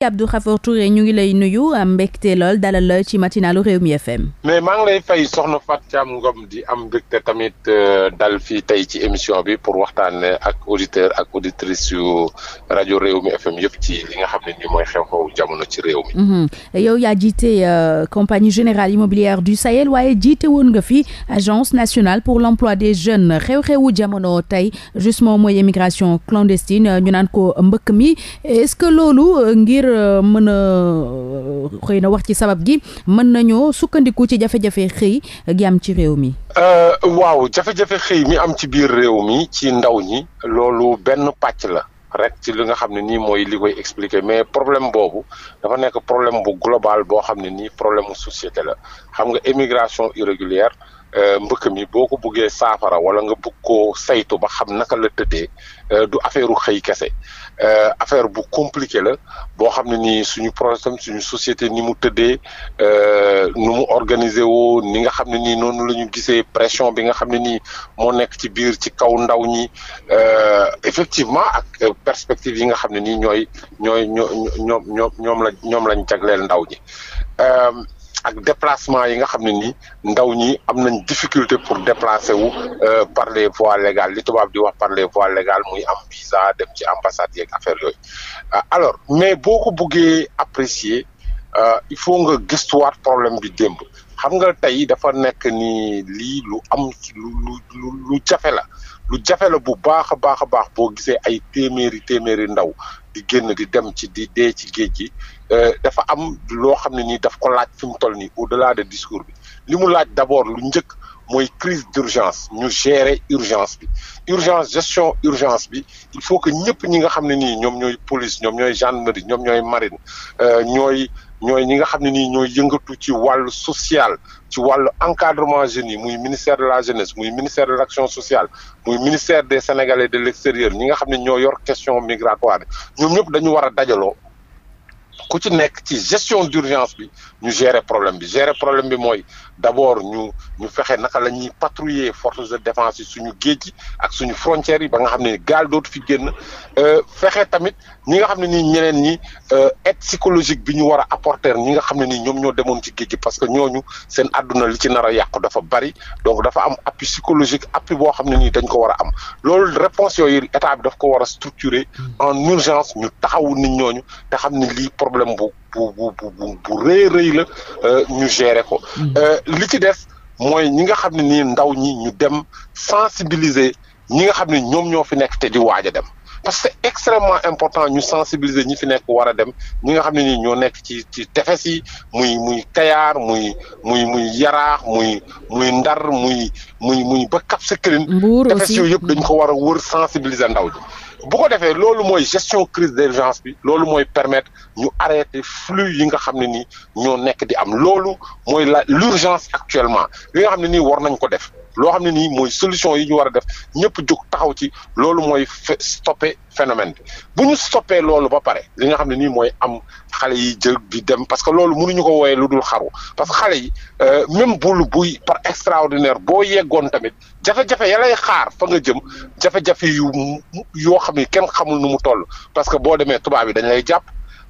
Abdourahmane Touré ñu ngi lay nuyu am mbégte lool dalal la ci matinalu mi FM. mais maa ngi lay fay soxna Fatou Thiam Ngom di am mbégte tamit euh, dal fii tey ci émission bi pour waxtaanee ak auditeur ak auditrice yu rajo Rewmi FM yëpp ci li nga xam ne nii mooy xew-xew jamono ci réew mi. Mhm. yow yaa jiite euh, compagnie générale immobilière du Sahel waaye jiite woon nga fi agence nationale pour l'emploi des jeunes xew-xewu jamono tey justement mooy immigration clandestine euh, mbëkk mi Euh, mën a euh, xëy na wax ci sabab gi mën nañoo sukkandiku ci jafe-jafe xëy gi am ci réew mi. Euh, waaw jafe xëy mi am ci biir réew ci ndaw ñi loolu benn pàcc la. rek ci li nga xam ne nii mooy li koy expliquer mais problème boobu dafa nekk problème bu global boo xam ne nii problème mu société la xam nga émigration irrégulière mbëkk mi boo ko buggee saafara wala nga bug koo saytu ba xam naka la tëddee du affaire xëy kese Euh, affaire bu compliqué la boo xam ne nii suñu projet suñu société ni mu tëddee euh, nu mu organiser woo ni nga xam ne nii noonu la ñu gisee pression bi nga xam ne nii moo nekk ci biir ci kaw ndaw ñi euh, effectivement ak perspective yi nga xam ne nii ñooy ñooy ñoo ñoom ñoom ñoom la ñoom lañ jagleel ndaw ñi ak déplacement yi nga xam ne nii ndaw ñi am nañ difficulté pour déplacer wu euh, par les voies légales li tubaab di wax par les voies muy am visa dem ci ambassade yeeg affaire yooyu euh, alors mais boo ko buggee apprécier euh, il faut nga gëstuwaat problème bi démb xam nga tey dafa nekk ni lii lu am lu lu lu jafe la lu jafe la bu baax a baax a baax boo gisee ay téeméeri téeméeri ndaw di génn di dem ci di dee ci géej gi euh, dafa am loo xam ne nii daf ko laaj fi mu toll nii au delà de discours bi li mu laaj d'abord lu njëkk mooy crise d'urgence ñu gérer urgence bi urgence gestion urgence bi il faut que ñëpp ñi nga xam ne nii ñoom ñooy police ñoom ñooy gendarmerie ñoom ñooy marine euh, ñooy ñooy ñi nga xam ne nii ñooy yëngatu ci wàllu social ci wàllu encadrement jeunes yi muy ministère de la jeunesse muy ministère de l'action sociale muy ministère de sénégalais de l'extérieur ñi nga xam ne ñoo yor question migratoire ñoom ñëpp dañu war a dajaloo ku ci nekk ci gestion d'urgence bi ñu gérer problème bi gérer problème bi mooy d'abord ñu ñu fexe naka la ñuy patrouiller forces de défense yi suñu géej ak suñu frontières yi ba nga xam ne gaal dootu fi génn euh, fexe tamit ñi nga xam ne nii ñeneen ñi euh, aide psychologique bi ñu war a apporter ñi nga xam ne nii ñoom ñoo demoon ci géej gi parce que ñooñu seen adduna li ci nar yàqu dafa bari donc dafa am appui psychologique appui boo xam ne nii dañ ko war a am lool réponse yooyu état bi daf ko war a structurer hmm. problème bu bu bu bu rëy rëy la euh, ñu gérer ko. Mm-hmm. Euh, li ci des mooy ñi nga xam ne nii ndaw ñi ñu dem sensibiliser ñi nga xam ne ñoom ñoo fi nekk te di waaj a dem. parce que c'est important ñu sensibiliser ñi fi nekk war a dem ñi nga xam ne nii ñoo nekk ci ci tefes yi muy muy Kayar muy muy muy Yaraax muy muy Ndar muy muy muy ba Cap Skirring. Mbuur tefes yooyu yëpp dañ ko war a wër sensibiliser ndaw ji. bu ko defee loolu mooy gestion crise d'urgence bi loolu mooy permettre ñu arrêter flux yi nga xam ne nii ñoo nekk di am loolu mooy la l'urgence actuellement li nga xam ne nii war nañ ko def loo xam ne nii mooy solution yi ñu war a def ñëpp jóg taxaw ci loolu mooy stoppé phénomène bi bu ñu stoppé loolu ba pare li nga xam ne nii mooy am xale yi jël bi dem parce que loolu mënuñu ko wooyee lu dul xaru parce que xale yi euh, même bul buy par extraordinaire boo yeggoon tamit jafe-jafe ya lay xaar fa nga jëm jafe-jafe yu yoo xam ne kenn xamul nu mu toll parce que boo demee tubaab yi dañ lay jàpp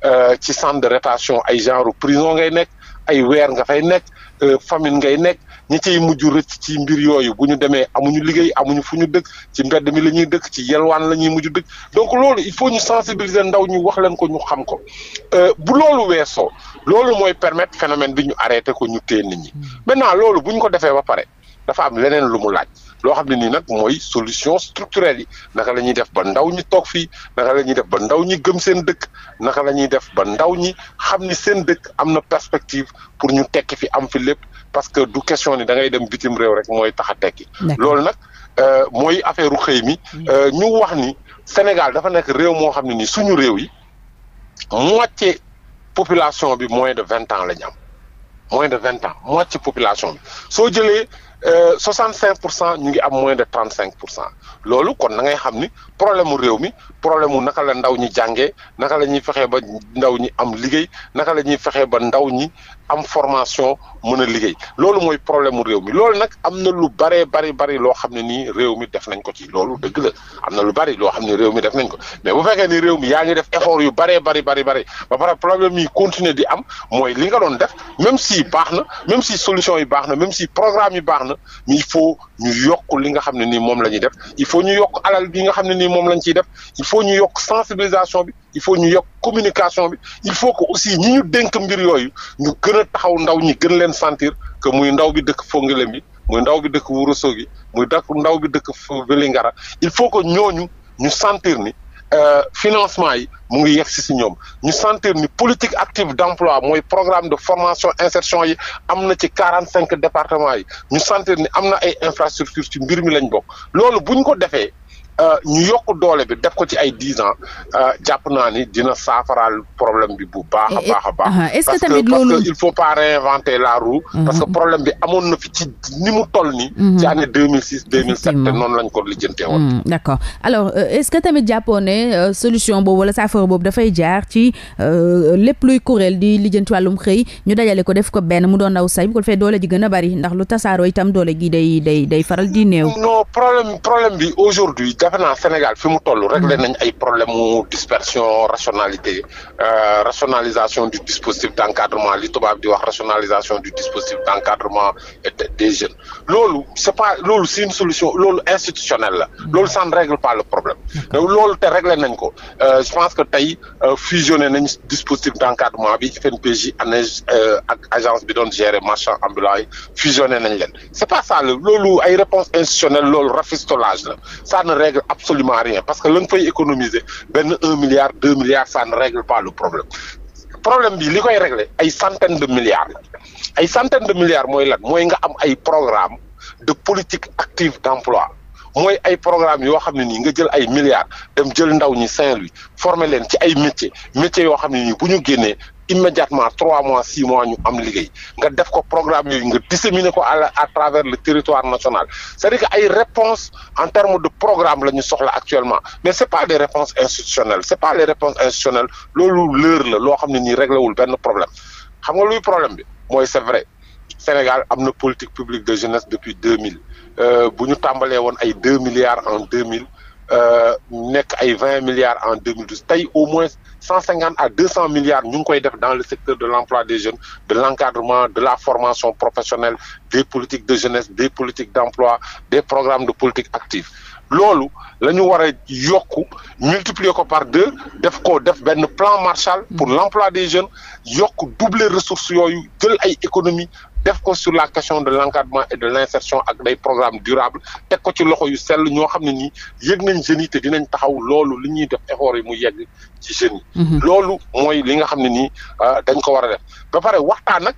euh, ci centre de rétention ay genre prison ngay nekk ay weer nga fay nekk euh, famine ngay nekk ñi ciy mujj rëcc ci mbir yooyu bu ñu demee amuñu liggéey amuñu fu ñu dëkk ci mbedd mi la ñuy dëkk ci yelwaan la ñuy mujj dëkk donc loolu il faut ñu sensibiliser ndaw ñu wax leen ko ñu xam ko euh, bu loolu weesoo loolu mooy permettre phénomène bi ñu arrêté ko ñu téye nit ñi mm. maintenant loolu bu ñu ko defee ba pare dafa am leneen lu mu laaj loo xam ne nii nag mooy solution structurelle yi naka lañuy def ba ndaw ñi toog fii naka la ñuy def ba ndaw ñi gëm seen dëkk naka la ñuy def ba ndaw ñi xam ni seen dëkk am na perspective pour ñu tekki fi am fi lépp parce que du question ni da ngay dem bitim réew rek mooy tax a tekki. loolu nag euh, mooy affaire xëy mi. Mm. Euh, ñu wax ni Sénégal dafa nekk réew moo xam ne ni suñu réew yi moitié population bi moins de vingt ans la ñu am moins de vingt ans moitié population bi soo jëlee. Euh, soixante cinq pour cent ñu ngi am moins de trente cinq pour cent loolu kon na ngay xam ni problème mu réew mi problème mu naka la ndaw ñi jàngee naka la ñuy fexee ba ndaw ñi am liggéey naka la ñuy fexee ba ndaw ñi am formation mën a liggéey loolu mooy problème mu réew mi loolu nag am na lu baree bari bari loo xam ne nii réew mi def nañ ko ci loolu dëgg la am na lu bari loo xam ne réew mi def nañ ko mais bu fekkee ni réew mi yaa ngi def effort yu baree bari bari bari ba problème yi continuer di am mooy li nga doon def même si baax na même si solution yi baax na même si programme yi baax na mais il faut ñu yokk li nga xam ne nii moom la ñuy def il faut ñu yokk alal bi nga xam ne nii moom lañ ciy def il faut ñu yokk sensibilisation bi il faut ñu yokk communication bi il faut que aussi ñi ñu dénk mbir yooyu ñu gën a taxaw ndaw ñi gën leen sentir que muy ndaw bi dëkk Fongolembi bi muy ndaw bi dëkk Ourossogui muy ndaw bi dëkk Vélingara il faut que ñooñu ñu sentir ni Euh, financement yi mu ngi yegg si si ñoom ñu sentir ni politique active d'emploi mooy programme de formation insertion yi am na ci quarante cinq départements yi ñu sentir ni am na ay infrastructures ci mbir mi lañ bokk loolu bu ñu ko defee Euh, ñu yokk doole bi def ko ci ay dix ans euh, jàpp naa ni dina saafaraal problème bi bu baax a eh, eh, baax a baax. Uh-huh. est-ce que tamit loolu parce que il faut pas réinventer la uh-huh. problème bi amoon na fi ci ni mu toll nii. Uh-huh. ci année deux mille te noonu lañ ko lijjantee woon. Hmm, d'accord alors euh, est-ce que tamit jàppoon ne solution boobu wala saafara boobu dafay jaar ci lépp luy kuréel di lijjanti wàllum xëy ñu dajale ko def ko benn mu doon aw say bu ko defee doole ji gën a bari ndax lu tasaaroo itam doole gi day day day faral di néew. defe naa Sénégal fi mu toll réglé mm-hmm. nañ ay problème mu dispersion rationalité euh, rationalisation du dispositif d' encadrement li tubaab di wax rationalisation du dispositif d' encadrement des jeunes loolu c' est pas loolu c' une solution loolu institutionnelle la mm-hmm. loolu ça ne règle pas le problème euh, loolu te réglé nañ ko euh, je que tey fusionné nañ dispositif d' encadrement bi FNPJ ANEJ ak agence bi doon gérer marchand ambulant yi fusionné nañ leen c' est pas ça loolu ay réponse institutionnelle loolu rafistolage la ça règle absolument rien parce que la nga fay économiser benn un milliard deux milliards ça ne règle pas le problème problème bi li koy régler ay centaines de milliards ay centaines de milliards mooy lan mooy nga am ay programme de politique active d'emploi mooy ay programme yoo xam ne nii nga jël ay milliards dem jël ndaw ñi Saint-Louis former leen ci ay métiers métiers yoo xam ne nii bu ñu génnee immédiatement trois mois six mois ñu am liggéey nga def ko programme yooyu nga disséminer ko à à travers le territoire national cest dire que ay réponses en termes de programme la ñu soxla actuellement mais c'est pas des réponses institutionnelles c'est pas les réponses institutionnelles loolu leer la loo xam ne nii réglé wul benn problème xam nga luy problème bi mooy c'est vrai Sénégal am na politique publique de jeunesse depuis deux mille euh, bu ñu tàmbalee woon ay deux milliards en deux mille Euh, nekk ay vingt milliards en deux mille tey au moins cent cinquante à deux cent milliards ñu ngi koy def dans le secteur de l'emploi des jeunes de l'encadrement de la formation professionnelle des politiques de jeunesse des politiques d'emploi des programmes de politique active loolu la ñu war a yokku multiplier ko par deux def ko def benn plan Marshall pour mm. l'emploi des jeunes yokk doubler ressources yooyu jël ay économie def ko sur la question de l' encadrement et de l' insertion ak day programme durable teg ko ci loxo yu sell ñoo xam ne nii yëg nañ jeunes yi te dinañ taxaw loolu li ñuy def effort yi mu yegg ci jeunes mhm. loolu mooy li nga xam ne ni euh, dañ ko war a def ba pare waxtaan nag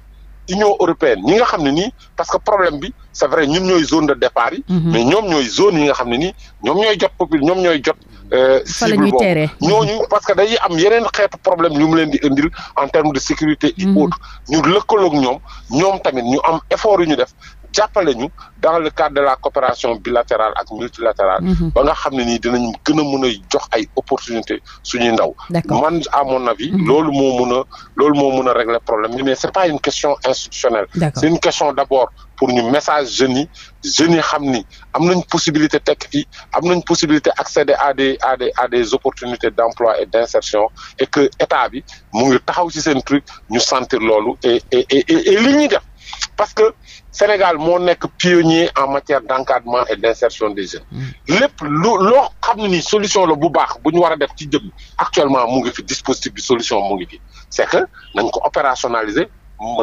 Union européenne ñi nga xam ne nii parce que problème bi c' est vrai ñun ñooy zone de départ yi. Mhm. mais ñoom ñooy zone yi nga xam ne ni ñoom ñooy jot popul ñoom ñooy jot. Euh, cible boobu ñooñu parce que dañuy am yeneen xeetu problème ñu mu leen di indil en terme de sécurité et mm. autres ñu lëkkaloog ñoom ñoom tamit ñu am effort yu ñu def jàppale ñu dans le cadre de la coopération bilatérale ak multilatérale. Mhm. ba nga xam ne nii dinañ gën a mën a jox ay opportunité suñuy ndaw. man à mon avis. Mhm. loolu moo mën a loolu moo mën a régler problème bi mais c'est pas une question institutionnelle. c'est une question d'abord pour ñu message jeunes yi jeunes yi xam ni am nañ possibilité tekk fii am nañ possibilité accéder à des à des à des opportunités d'emploi et d'insertion et que état bi mu ngi taxaw ci seen truc ñu sentir loolu et et ñuy def. parce que Sénégal moo nekk pionnier en matière d'encadrement et d'insertion des jeunes. Mm. lépp lu loo xam ni solution la bu baax bu ñu war a def ci jëm actuellement mu ngi fi dispositif solution mu ngi fi c'est que nañ ko opérationnaliser.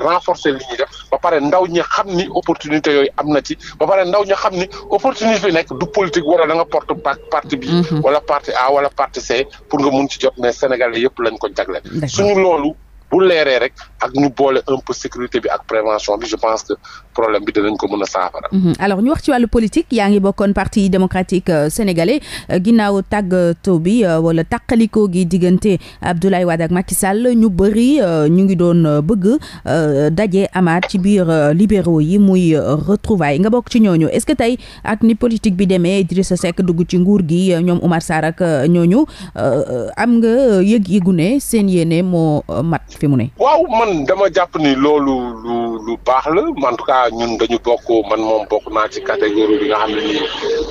renforcer li ñuy ba pare ndaw ñi xam ni opportunité yooyu am na ci ba pare ndaw ñi xam ni opportunité fi nekk du politique wala da nga porte parti bi mm-hmm. wala parti A wala parti C pour nga mun ci jot mais Sénégalais yëpp lañ ko jagleel suñu loolu bu leeree rek ak ñu boole un peu sécurité bi ak prévention bi je pense que problème bi danañ ko mën saafara. Mhm. alors ñu wax ci wàllu politique yaa ngi bokkoon parti démocratique euh, sénégalais euh, ginnaaw tàgg tàggatoo bi euh, wala tàqalikoo gi diggante Abdoulaye Wade ak Macky Sall ñu bëri ñu ngi doon bëgg daje amaat ci biir libéraux yi muy retrouvaille nga bokk ci ñooñu est-ce que tey ak ni politique bi demee Idrissa Seck dugg ci nguur gi ñoom Oumar Sarr ñooñu am nga yëg-yëgu ne seen yéene moo fi mu waaw man dama jàpp ni loolu lu lu baax la en tout cas ñun dañu bokk man moom bokk naa ci catégorie bi nga xam ne nii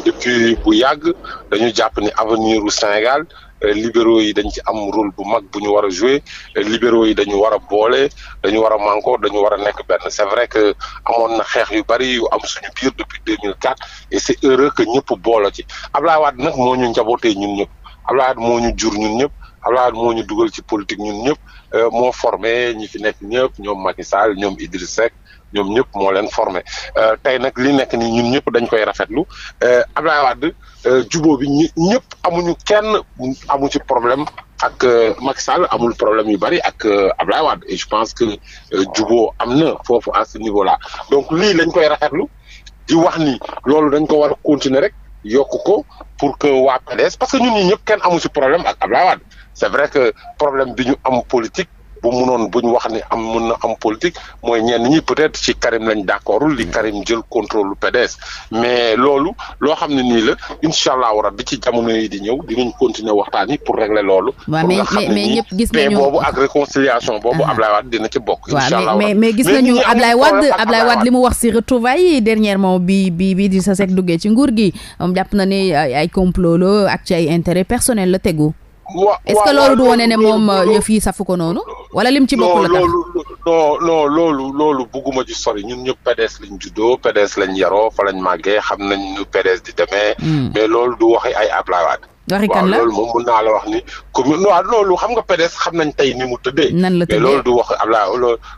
depuis bu yàgg dañu jàpp ni avenir u Sénégal. Euh, libéraux yi dañ ci am rôle bu mag bu ñu war a jouer euh, libéraux yi dañu war a boole dañu war a manko dañu war a nekk benn c'est vrai que amoon na xeex yu bari yu am suñu biir depuis 2004 et c'est heureux que ñëpp boolo ci Ablaye Wade nag moo ñu njabootee ñun ñëpp moo ñu jur ñun ñëpp. Abdoulaye moo ñu dugal ci politique ñun ñëpp euh, moo formé ñi fi nekk ñëpp ñoom Macky Sall ñoom Idriss Seck ñoom ñëpp moo leen formé euh, tey nag li nekk nii ñun ñëpp dañ koy rafetlu euh, Abdoulaye Wade jubóo bi ñi ñëpp amuñu kenn amu ci problème ak Macky Sall amul problème yu bari ak Abdoulaye Wade je pense que jubóo am na foofu à ce niveau là donc lii lañ koy rafetlu di wax ni loolu dañ ko war a continuer rek yokk ko pour que waa PDS parce que ñun ñi ñëpp kenn amu ci problème ak Abdoulaye Wade c'est vrai que problème bi ñu am politique bu munoon bu ñu wax ni am mun na am politique mooy ñenn ñi peut-être ci Karim lañ d'accordul li Karim jël contrôle lu PDS mais loolu loo xam ne nii la incha allahu rabbi ci jamono yi di ñëw dinañ continuer waxtaan yi pour régler loolu. waaw mais mais ñëpp gis nañu boobu ak réconciliation boobu ah. Ablaye Wade dina ci bokk. incha allah mais mais gis nañu Ablaye Wade Ablaye li mu wax si retrouvailles yi dernièrement bi bi bi di sa sek duggee ci nguur gi moom jàpp na ne ay complot la ak ci ay intérêt personnel la tegu. est-ce que loolu du wone ne moom yëf yi safu ko noonu wala lim ci bokk la tax non non loolu loolu bugguma ci sori ñun ñëpp PDS lañ juddoo PDS lañ yaroo fa lañ màggee xam nañ ñu PDS di demee hmm. mais loolu du waxi ay Ablaye Wade waxi kan la loolu moom mun naa la wax ni commune waaw loolu xam nga PDS xam nañ tey ni mu tëddee. nan la loolu du wax Ablaye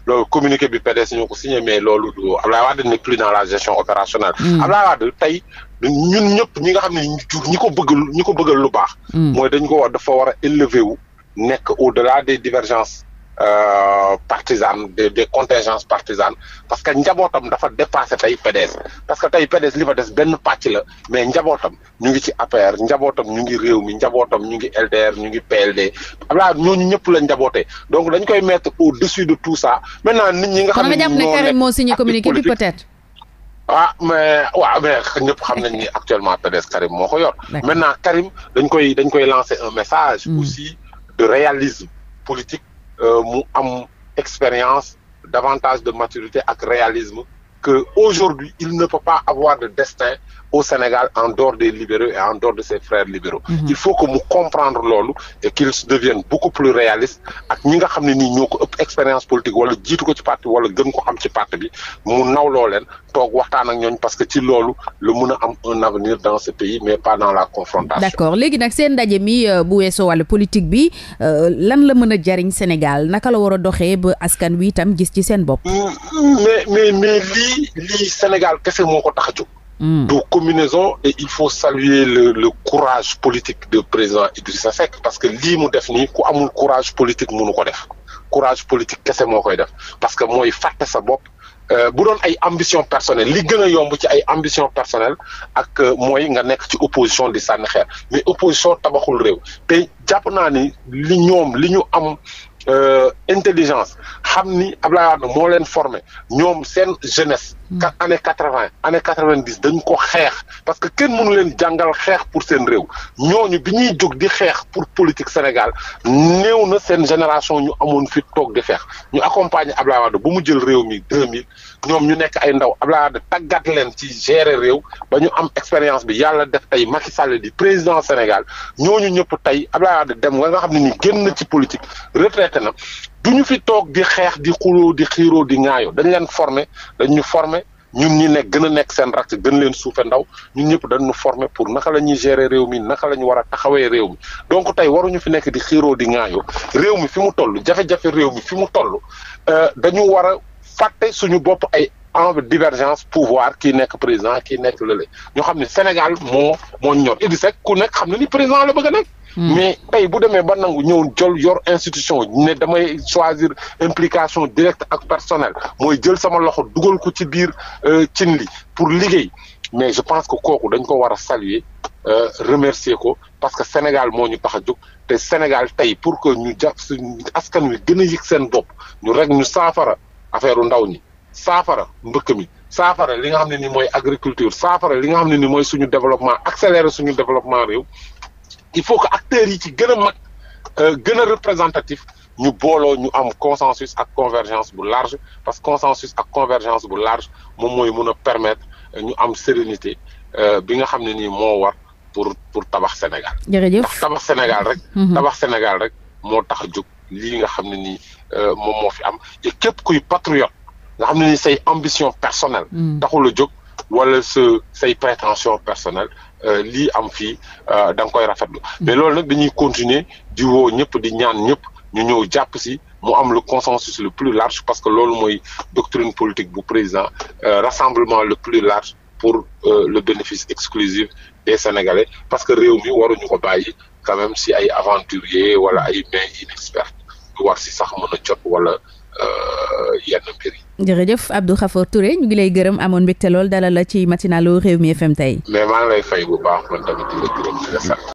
loolu communiqué bi PDS ñoo ko signé mais loolu du Ablaye Wade n'est plus dans la gestion opérationnelle. Hmm. Ablaye Wade tey ñun ñëpp ñi nga xam ne ñi ko bëgg ñi ko bëggal lu baax. Mm. mooy dañ ko wax dafa war a élever wu. nekk au-delà des divergences euh, partisanes des des contingences partisanes parce que njabootam dafa dépassé tey PDS parce que tey PDS li fa des benn pàcc la mais njabootam ñu ngi ci APR njabootam ñu ngi réew mi njabootam ñu ngi LDR ñu ngi PLD abla ñooñu ñëpp la njabootee donc dañ koy mettre au-dessus de tout ça maintenant nit ñi nga xam ne ñoo nekk communiqué bi peut ah mais waaw mais ñëpp xam nañ ni actuellement PDS Karim moo ko yor. maintenant Karim dañ koy dañ koy lancer un message. Hmm. aussi de réalisme politique euh, mu am expérience davantage de maturité ak réalisme. que aujourd'hui il ne pas avoir de destin au Sénégal en dehors des libéraux et en dehors de ses frères libéraux. Mm -hmm. il faut que mu comprendre loolu et qu'il devienne beaucoup plus réaliste ak ñi nga xam ne nii ñoo ko expérience politique wala jiitu ko ci parti wala gën ko xam ci parti bi mu nawloo leen toog waxtaan ak ñooñ parce que ci loolu la mun am un avenir dans ce pays mais pas dans la confrontation. d'accord léegi nag seen ndaje mi euh, bu weesoo wàllu politique bi euh, lan la mën a jariñ Sénégal naka la war a doxee ba askan wi itam gis ci seen bopp. Mm, mm, lii lii Sénégal kese moo ko tax a jóg. Hmm. du combinaison et il faut saluer le le courage politique de président Idrissa Seck parce que lii mu def nii ku amul courage politique mënu ko def courage politique kese moo koy def parce que mooy fàtte sa bopp. Euh, bu doon ay ambition personnel li gën a yomb ci ay ambition personnelle ak euh, mooy nga nekk ci opposition di sànni xeer mais opposition tabaxul réew te jàpp naa ni li ñoom li ñu am Euh, intelligence xam ni Abdoulaye Wade moo leen formé ñoom seen jeunesse Hmm. kat année quatre vingt année quatre vingt dix dañ ko xeex parce que kenn mu mënu leen jàngal xeex pour seen réew ñooñu bi ñuy jóg di xeex pour politique Sénégal néew na seen génération ñu amoon fi toog di xeex ñu accompagner Abdoulaye Wade ba mu jël réew mi deux mille ñoom ñu nekk ay ndaw Abdoulaye Wade tàggat leen ci gérer réew ba ñu am expérience bi yàlla def tey Macky Sall di président Sénégal ñooñu ñëpp tey Abdoulaye Wade dem nga nga xam ne ni génn ci politique retraité na du ñu fi toog di xeex di xuloo di xiiroo di ŋaayoo dañ leen formé dañ ñu formé ñun ñi nekk gën a nekk seen rakk gën leen suufe ndaw ñu ñëpp dañu ñu formé pour naka la ñuy gérer réew mi naka la ñu war a taxawee réew mi donc tey waruñu fi nekk di xiiroo di ŋaayoo réew mi fi mu toll jafe-jafe réew mi fi mu toll euh, dañu war a fàtte suñu bopp ay en divergence pouvoir kii nekk président kii nekk lële ñoo xam ne Sénégal moo moo ñor Idrissa Seck ku nekk xam ne ni président la bëgg a nekk Mm. mais tey bu demee ba nangu ñëw jël yor institution ne damay choisir implication direct ak personnel mooy jël sama loxo dugal ko ci biir euh, cin li pour liggéey mais je pense que kooku dañ ko war a saluer euh, remercier ko parce que Sénégal moo ñu tax a jóg te Sénégal tey pour que ñu jàpp suñu askan wi gën a yëg seen bopp ñu rek ñu saafara affaire ndaw ñi saafara mbëkk mi saafara li nga xam ne ni mooy agriculture saafara li nga xam ne ni mooy suñu développement accélérer suñu développement réew il faut que acteurs yi ci gën a mag euh, gën a représentatif ñu booloo ñu am consensus ak convergence bu large parce que consensus ak convergence bu large moom mooy mun a permettre euh, ñu am sérénité euh, bi nga xam ne nii moo war pour pour tabax Sénégal. jërëjëf tabax Sénégal rek. Mhm. tabax Sénégal rek moo tax a jóg li nga xam ne nii moom moo fi am te képp kuy patriote nga xam ne ni say ambition personnelle. Mhm. taxul a jóg wala sa say prétention personnelle. Euh, lii am fii euh, da nga koy rafetlu mais loolu nag ñuy continuer di woo ñëpp di ñaan ñëpp ñu ñëw jàpp si mu am le consensus le plus large parce que loolu mooy doctrine politique bu président euh, rassemblement le plus large pour le bénéfice exclusif des Sénégalais parce que réew mi waruñu ko bàyyi quand même si ay aventuriers wala ay mains inexpertes du war si sax mën a jot wala yenn mbir yi jërëjëf Abdou Khafor Touré ñu lay gërëm amoon mbégte lool dalal la ci matinalu Rewmi FM tey. mais maa ngi lay fay bu baax man tamit di la gërëm